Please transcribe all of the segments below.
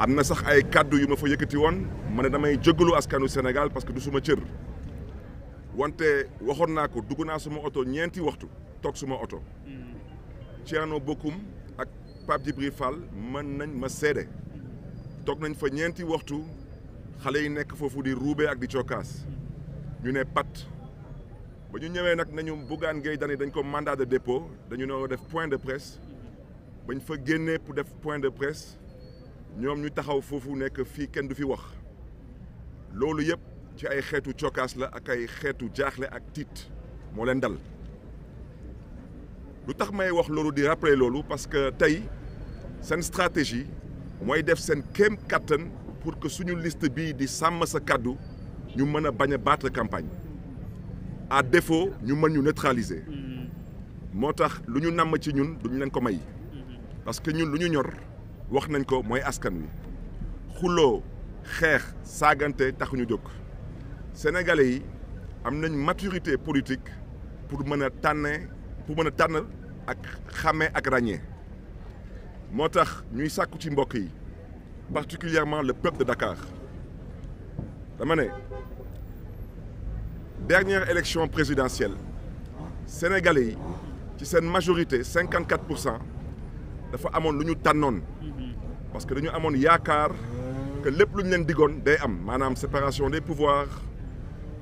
amna sax ay cadeau yu ma fa yëkëti woon ma damay askanu Sénégal parce que du suma wante waxoon naa ko suma oto ñeenti waxtu toog suma ak Pape Djibril Fall mën nañ ma seede toog nañ fa ñeenti waxtu xale yi nekk di ak di ñu pat ba ñu ñëwee nañu bugaan ngay dañ ko mandat de dépôt dañu def point de presse bañ fa pour def point de presse ñom ñu taxaw fofu nek fi kenn du fi wax lolu yeb ci ay ciokas la ak ay jaxlé ak tit mo Nous lu may wax di rappeler parce que tay sen stratégie def sen kem pour que suñu liste bi di Sam sa cadeau ñu battre a battre campagne à défaut ñu neutraliser mm-hmm. motax lu ñu ci ñun duñu ko may mm-hmm. parce que ñun lu wax nañ ko mooy askan wi xuloo xeex saagante taxuñu jóg sénégalais yi am nañ maturité politique pour mën a tànne pour mën a tànn ak xàmmee ak ràññee moo tax ñuy sàkku ci mbokk yi particulièrement le peuple de Dakar dama dernière élection présidentielle sénégalais yi ci seen majorité 54 dafa que nous soyons parce que dañu amone yakar que nous luñu len digone day séparation des pouvoirs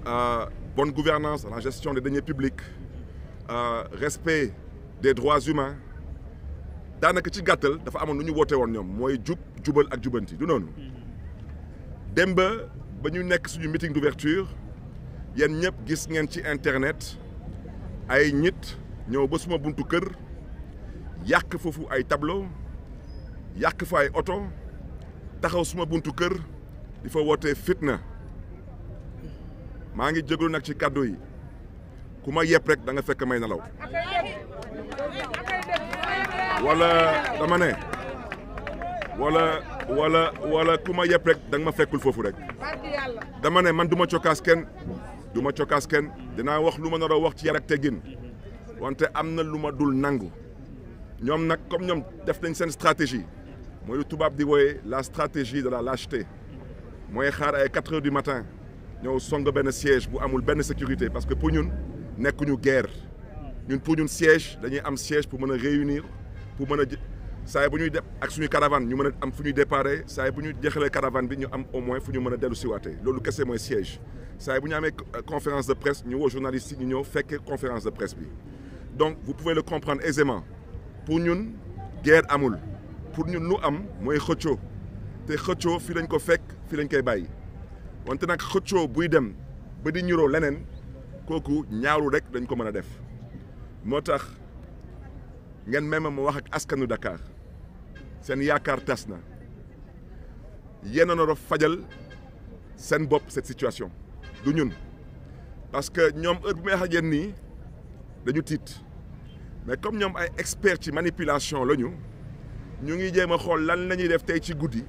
euh, bonne gouvernance la gestion des deniers publics euh, respect des droits humains dans ci gattal dafa nous nous ak djubanti du mhm. ba meeting d'ouverture yéen ñep gis ngeen ci internet ay ba buntu yàq foofu ay tableau yàq fa ay oto taxaw suma buntu kër di fa wootee fitna maa ngi jégalu nag ci kàddu yi ku ma yëpp rek danga fekk may nalaw walla dama walla wala wala wala ku ma yëpp rek da ma fekkul foofu rek dama ne man duma ma cokkaas kenn du ma cokkaas kenn dinaa wax lu ma nar wax ci yarak ak teggin wante am na lu ma dul nangu nous avons une stratégie. Nous avons suis la stratégie de la lâcheté. Moi, je à 4 h du matin. Nous avons un siège pour avoir une sécurité. Parce que pour nous, nous avons une guerre. Nous avons un siège, pour nous réunir. Nous avons un siège pour nous réunir. Pour nous avons un siège pour nous caravane. Nous avons un siège pour Nous avons une caravane. Nous avons un siège pour nous caravane. Nous avons un siège pour Nous Nous avons un siège pour Nous Nous avons une conférence de presse. Nous avons une journaliste. Nous avons une conférence de presse. Donc, vous pouvez le comprendre aisément. pour ñun guerre amul pour ñun lu am mooy xëccoo te xëccoo fii lañ ko fekk fii lañ koy bàyyi wante nag xëccoo buy dem ba di ñuroo leneen kooku ñaawlu rekk dañ ko mën a def moo tax ngeen même ma wax ak askanu Dakar seen yaakaar tas na yéen fajal seen bopp set situation du ñun parce que ñoom heure bu may xajeen nii dañu tiit Mais comme nous sommes experts en manipulation, nous avons ce que nous avons fait